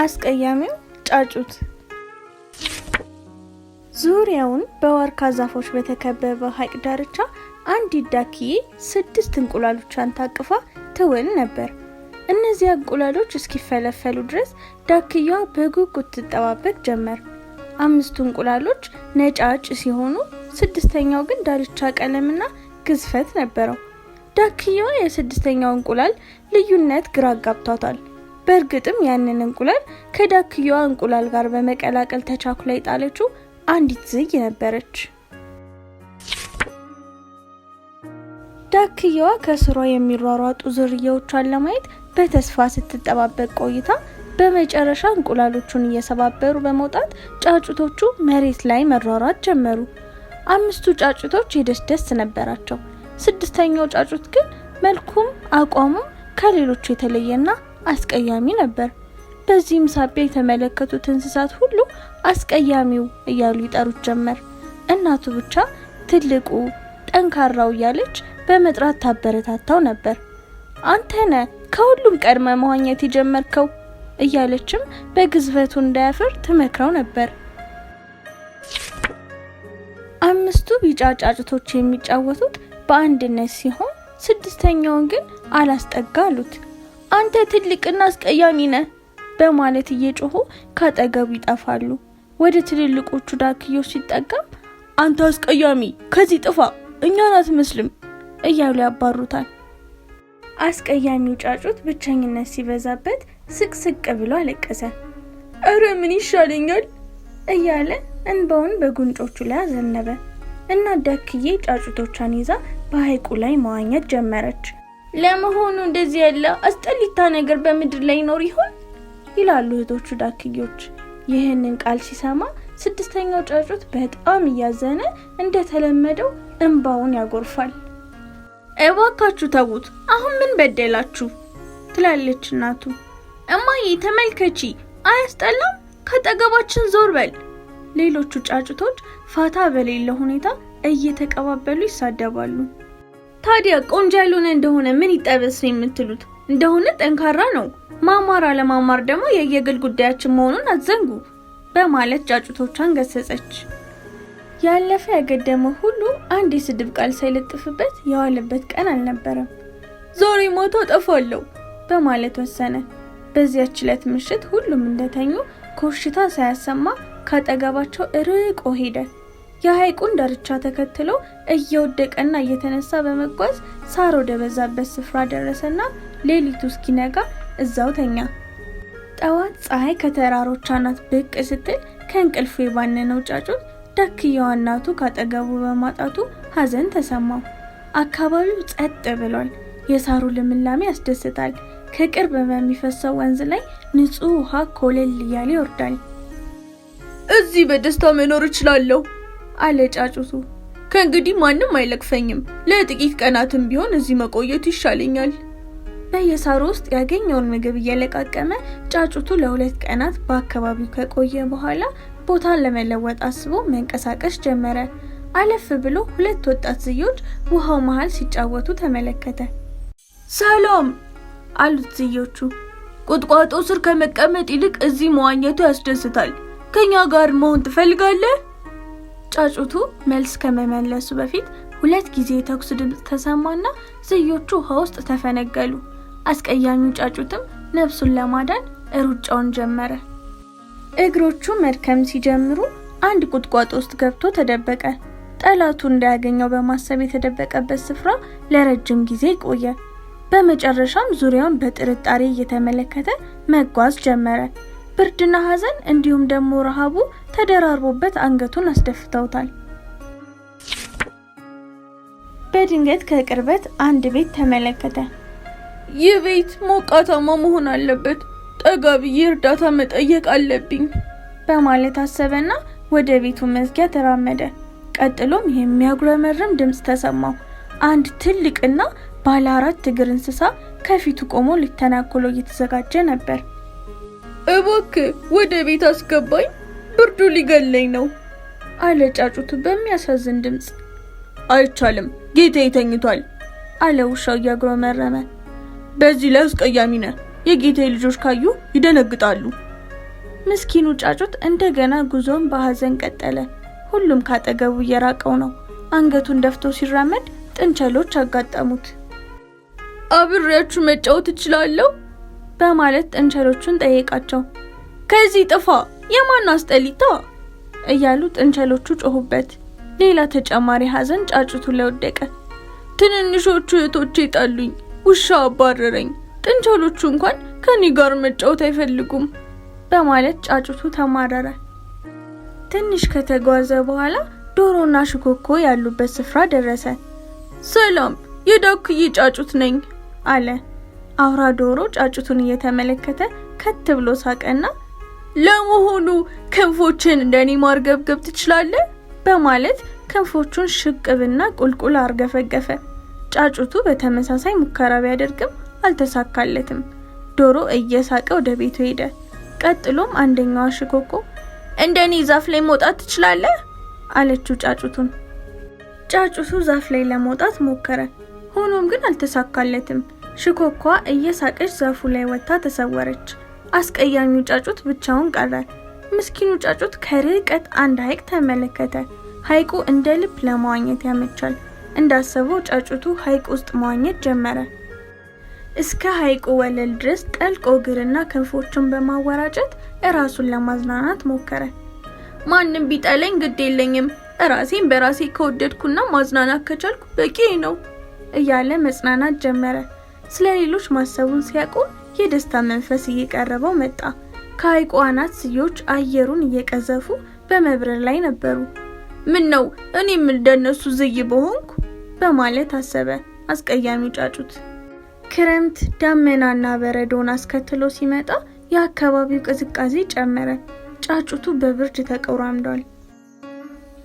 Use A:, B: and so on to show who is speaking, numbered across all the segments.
A: አስቀያሚው ጫጩት ዙሪያውን በዋርካ ዛፎች በተከበበ ሐይቅ ዳርቻ አንዲት ዳክዬ ስድስት እንቁላሎቿን ታቅፋ ትውል ነበር። እነዚያ እንቁላሎች እስኪፈለፈሉ ድረስ ዳክያዋ በጉጉት ትጠባበቅ ጀመር። አምስቱ እንቁላሎች ነጫጭ ሲሆኑ፣ ስድስተኛው ግን ዳርቻ ቀለምና ግዝፈት ነበረው። ዳክያዋ የስድስተኛው እንቁላል ልዩነት ግራ አጋብቷታል። በእርግጥም ያንን እንቁላል ከዳክየዋ እንቁላል ጋር በመቀላቀል ተቻኩላ የጣለችው አንዲት ዝይ ነበረች። ዳክየዋ ከስሯ የሚሯሯጡ ዝርያዎቿን ለማየት በተስፋ ስትጠባበቅ ቆይታ በመጨረሻ እንቁላሎቹን እየሰባበሩ በመውጣት ጫጩቶቹ መሬት ላይ መሯሯጥ ጀመሩ። አምስቱ ጫጩቶች የደስ ደስ ነበራቸው። ስድስተኛው ጫጩት ግን መልኩም አቋሙም ከሌሎቹ የተለየና አስቀያሚ ነበር። በዚህም ሳቢያ የተመለከቱት እንስሳት ሁሉ አስቀያሚው እያሉ ይጠሩት ጀመር። እናቱ ብቻ ትልቁ፣ ጠንካራው እያለች በመጥራት ታበረታታው ነበር። አንተነ ከሁሉም ቀድመ መዋኘት የጀመርከው እያለችም በግዝበቱ እንዳያፍር ትመክረው ነበር። አምስቱ ቢጫ ጫጭቶች የሚጫወቱት በአንድነት ሲሆን ስድስተኛውን ግን አላስጠጋ አሉት። አንተ ትልቅና አስቀያሚ ነህ በማለት እየጮሁ ካጠገቡ ይጠፋሉ። ወደ ትልልቆቹ ዳክዬው ሲጠቀም አንተ አስቀያሚ ከዚህ ጥፋ፣ እኛን አትመስልም እያሉ ያባሩታል። አስቀያሚው ጫጩት ብቸኝነት ሲበዛበት ስቅስቅ ብሎ አለቀሰ። እረ ምን ይሻለኛል እያለ እንባውን በጉንጮቹ ላይ አዘነበ እና ዳክዬ ጫጩቶቿን ይዛ በሐይቁ ላይ መዋኘት ጀመረች። ለመሆኑ እንደዚህ ያለ አስጠሊታ ነገር በምድር ላይ ይኖር ይሆን ይላሉ እህቶቹ ዳክዮች ይህንን ቃል ሲሰማ ስድስተኛው ጫጩት በጣም እያዘነ እንደተለመደው እንባውን ያጎርፋል። እባካችሁ ተዉት፣ አሁን ምን በደላችሁ? ትላለች እናቱ። እማዬ ተመልከቺ፣ አያስጠላም? ከጠገባችን ዞር በል። ሌሎቹ ጫጩቶች ፋታ በሌለ ሁኔታ እየተቀባበሉ ይሳደባሉ። ታዲያ ቆንጆ ያልሆነ እንደሆነ ምን ይጠበስ ነው የምትሉት? እንደሆነ ጠንካራ ነው። ማማር አለማማር ደግሞ የየግል ጉዳያችን መሆኑን አትዘንጉ በማለት ጫጩቶቿን ገሰጸች። ያለፈ ያገደመ ሁሉ አንድ የስድብ ቃል ሳይለጥፍበት የዋለበት ቀን አልነበረም። ዞሬ ሞቶ ጠፋለሁ በማለት ወሰነ። በዚያች ዕለት ምሽት ሁሉም እንደተኙ ኮሽታ ሳያሰማ ካጠገባቸው ርቆ ሄደ። የሐይቁን ዳርቻ ተከትሎ እየወደቀና እየተነሳ በመጓዝ ሳር ወደ በዛበት ስፍራ ደረሰና ሌሊቱ እስኪነጋ እዛው ተኛ። ጠዋት ፀሐይ ከተራሮች አናት ብቅ ስትል ከእንቅልፉ የባነነው ጫጩት ዳክየዋ እናቱ ካጠገቡ በማጣቱ ሐዘን ተሰማው። አካባቢው ጸጥ ብሏል። የሳሩ ልምላሜ ያስደስታል። ከቅርብ በሚፈሰው ወንዝ ላይ ንጹህ ውሃ ኮለል እያለ ይወርዳል። እዚህ በደስታ መኖር እችላለሁ አለ ጫጩቱ። ከእንግዲህ ማንም አይለቅፈኝም። ለጥቂት ቀናትም ቢሆን እዚህ መቆየት ይሻለኛል። በየሳሩ ውስጥ ያገኘውን ምግብ እየለቃቀመ ጫጩቱ ለሁለት ቀናት በአካባቢው ከቆየ በኋላ ቦታን ለመለወጥ አስቦ መንቀሳቀስ ጀመረ። አለፍ ብሎ ሁለት ወጣት ዝዮች ውሃው መሃል ሲጫወቱ ተመለከተ። ሰላም አሉት ዝዮቹ። ቁጥቋጦ ስር ከመቀመጥ ይልቅ እዚህ መዋኘቱ ያስደስታል። ከኛ ጋር መሆን ትፈልጋለህ? ጫጩቱ መልስ ከመመለሱ በፊት ሁለት ጊዜ የተኩስ ድምፅ ተሰማና ዝዮቹ ውሃ ውስጥ ተፈነገሉ። አስቀያሚው ጫጩትም ነፍሱን ለማዳን ሩጫውን ጀመረ። እግሮቹ መድከም ሲጀምሩ አንድ ቁጥቋጦ ውስጥ ገብቶ ተደበቀ። ጠላቱ እንዳያገኘው በማሰብ የተደበቀበት ስፍራ ለረጅም ጊዜ ቆየ። በመጨረሻም ዙሪያውን በጥርጣሬ እየተመለከተ መጓዝ ጀመረ። ብርድና ሐዘን እንዲሁም ደግሞ ረሃቡ ተደራርቦበት አንገቱን አስደፍተውታል። በድንገት ከቅርበት አንድ ቤት ተመለከተ። ይህ ቤት ሞቃታማ መሆን አለበት፣ ጠጋ ብዬ እርዳታ መጠየቅ አለብኝ በማለት አሰበና ወደ ቤቱ መዝጊያ ተራመደ። ቀጥሎም የሚያጉረመርም ድምፅ ተሰማው። አንድ ትልቅና ባለ አራት እግር እንስሳ ከፊቱ ቆሞ ሊተናኮሎ እየተዘጋጀ ነበር። እባክህ ወደ ቤት አስገባኝ፣ ብርዱ ሊገለኝ ነው አለ ጫጩት በሚያሳዝን ድምፅ። አይቻልም ጌታዬ ተኝቷል አለ ውሻው እያጉረመረመ። በዚህ ላይ አስቀያሚ ነህ። የጌታዬ ልጆች ካዩ ይደነግጣሉ። ምስኪኑ ጫጩት እንደገና ጉዞን በሐዘን ቀጠለ። ሁሉም ካጠገቡ እየራቀው ነው። አንገቱን ደፍቶ ሲራመድ ጥንቸሎች አጋጠሙት። አብሬያችሁ መጫወት እችላለሁ? በማለት ጥንቸሎቹን ጠየቃቸው። ከዚህ ጥፋ የማን አስጠሊታ እያሉ ጥንቸሎቹ ጮሁበት። ሌላ ተጨማሪ ሐዘን ጫጩቱ ላይ ወደቀ። ትንንሾቹ እህቶቼ ጣሉኝ፣ ውሻ አባረረኝ፣ ጥንቸሎቹ እንኳን ከኔ ጋር መጫወት አይፈልጉም በማለት ጫጩቱ ተማረረ። ትንሽ ከተጓዘ በኋላ ዶሮና ሽኮኮ ያሉበት ስፍራ ደረሰ። ሰላም የዳክዬ ጫጩት ነኝ አለ። አውራ ዶሮ ጫጩቱን እየተመለከተ ከት ብሎ ሳቀና ለመሆኑ ክንፎችን እንደኔ ማርገብገብ ትችላለህ? በማለት ክንፎቹን ሽቅብና ቁልቁል አርገፈገፈ። ጫጩቱ በተመሳሳይ ሙከራ ቢያደርግም አልተሳካለትም። ዶሮ እየሳቀ ወደ ቤቱ ሄደ። ቀጥሎም አንደኛዋ ሽኮኮ እንደኔ ዛፍ ላይ መውጣት ትችላለህ? አለችው ጫጩቱን። ጫጩቱ ዛፍ ላይ ለመውጣት ሞከረ። ሆኖም ግን አልተሳካለትም። ሽኮኳ እየሳቀች ዛፉ ላይ ወጥታ ተሰወረች። አስቀያሚው ጫጩት ብቻውን ቀረ። ምስኪኑ ጫጩት ከርቀት አንድ ሐይቅ ተመለከተ። ሐይቁ እንደ ልብ ለመዋኘት ያመቻል። እንዳሰበው ጫጩቱ ሐይቅ ውስጥ መዋኘት ጀመረ። እስከ ሐይቁ ወለል ድረስ ጠልቆ እግርና ክንፎቹን በማወራጨት እራሱን ለማዝናናት ሞከረ። ማንም ቢጠለኝ ግድ የለኝም፣ ራሴን በራሴ ከወደድኩና ማዝናናት ከቻልኩ በቂ ነው እያለ መጽናናት ጀመረ። ስለ ሌሎች ማሰቡን ሲያቆም የደስታ መንፈስ እየቀረበው መጣ። ከሐይቁ አናት ስዮች አየሩን እየቀዘፉ በመብረር ላይ ነበሩ። ምን ነው እኔም እንደነሱ ዝይ በሆንኩ በማለት አሰበ አስቀያሚ ጫጩት። ክረምት ዳመናና በረዶን አስከትሎ ሲመጣ የአካባቢው ቅዝቃዜ ጨመረ። ጫጩቱ በብርድ ተቆራምዷል።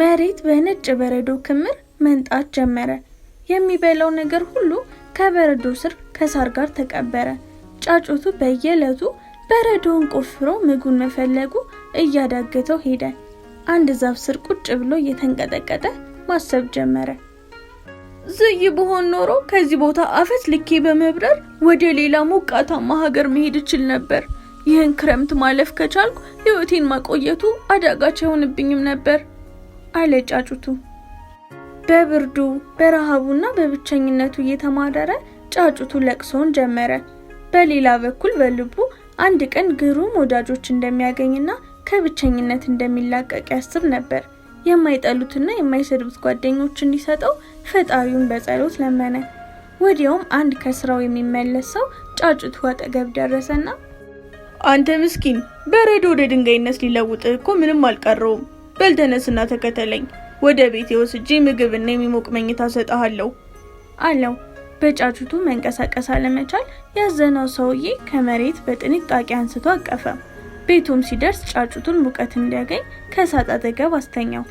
A: መሬት በነጭ በረዶ ክምር መንጣት ጀመረ። የሚበላው ነገር ሁሉ ከበረዶ ስር ከሳር ጋር ተቀበረ። ጫጩቱ በየዕለቱ በረዶውን ቆፍሮ ምግቡን መፈለጉ እያዳገተው ሄደ። አንድ ዛፍ ስር ቁጭ ብሎ እየተንቀጠቀጠ ማሰብ ጀመረ። ዝይ በሆን ኖሮ ከዚህ ቦታ አፈት ልኬ በመብረር ወደ ሌላ ሞቃታማ ሀገር መሄድ እችል ነበር። ይህን ክረምት ማለፍ ከቻልኩ ሕይወቴን ማቆየቱ አዳጋች አይሆንብኝም ነበር አለ ጫጩቱ። በብርዱ በረሃቡና በብቸኝነቱ እየተማረረ ጫጩቱ ለቅሶውን ጀመረ። በሌላ በኩል በልቡ አንድ ቀን ግሩም ወዳጆች እንደሚያገኝና ከብቸኝነት እንደሚላቀቅ ያስብ ነበር። የማይጠሉትና የማይሰድቡት ጓደኞች እንዲሰጠው ፈጣሪውን በጸሎት ለመነ። ወዲያውም አንድ ከስራው የሚመለስ ሰው ጫጩቱ አጠገብ ደረሰና አንተ ምስኪን በረዶ ወደ ድንጋይነት ሊለውጥህ እኮ ምንም አልቀረውም። በልተነስና ተከተለኝ፣ ወደ ቤቴ ወስጄ ምግብና የሚሞቅ መኝታ ሰጠሃለሁ አለው። በጫጩቱ መንቀሳቀስ አለመቻል ያዘነው ሰውዬ ከመሬት በጥንቃቄ አንስቶ አቀፈ። ቤቱም ሲደርስ ጫጩቱን ሙቀት እንዲያገኝ ከእሳት አጠገብ አስተኛው።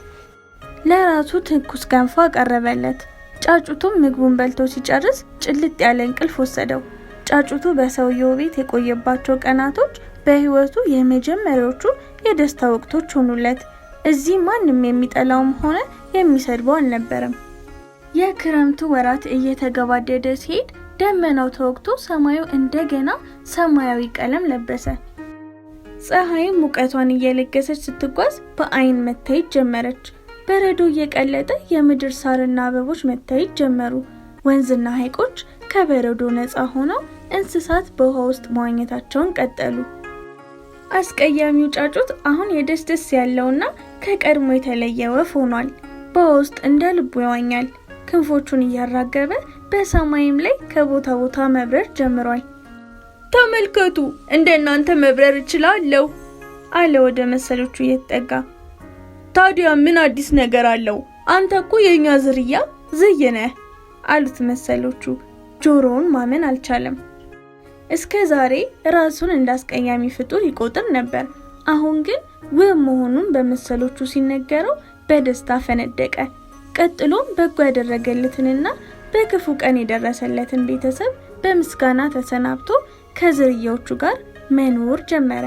A: ለራሱ ትኩስ ገንፎ አቀረበለት። ጫጩቱም ምግቡን በልቶ ሲጨርስ ጭልጥ ያለ እንቅልፍ ወሰደው። ጫጩቱ በሰውየው ቤት የቆየባቸው ቀናቶች በህይወቱ የመጀመሪያዎቹ የደስታ ወቅቶች ሆኑለት። እዚህ ማንም የሚጠላውም ሆነ የሚሰድበው አልነበረም። የክረምቱ ወራት እየተገባደደ ሲሄድ ደመናው ተወግቶ ሰማዩ እንደገና ሰማያዊ ቀለም ለበሰ። ፀሐይም ሙቀቷን እየለገሰች ስትጓዝ በአይን መታየት ጀመረች። በረዶ እየቀለጠ የምድር ሳርና አበቦች መታየት ጀመሩ። ወንዝና ሐይቆች ከበረዶ ነፃ ሆነው እንስሳት በውሃ ውስጥ መዋኘታቸውን ቀጠሉ። አስቀያሚው ጫጩት አሁን የደስ ደስ ያለውና ከቀድሞ የተለየ ወፍ ሆኗል። በውሃ ውስጥ እንደ ልቡ ይዋኛል። ክንፎቹን እያራገበ በሰማይም ላይ ከቦታ ቦታ መብረር ጀምሯል። ተመልከቱ፣ እንደ እናንተ መብረር እችላለሁ አለ ወደ መሰሎቹ እየተጠጋ። ታዲያ ምን አዲስ ነገር አለው? አንተ እኮ የእኛ ዝርያ ዝይ ነህ አሉት መሰሎቹ። ጆሮውን ማመን አልቻለም። እስከ ዛሬ ራሱን እንደ አስቀያሚ ፍጡር ይቆጥር ነበር። አሁን ግን ውብ መሆኑን በመሰሎቹ ሲነገረው በደስታ ፈነደቀ። ቀጥሎም በጎ ያደረገልትንና በክፉ ቀን የደረሰለትን ቤተሰብ በምስጋና ተሰናብቶ ከዝርያዎቹ ጋር መኖር ጀመረ።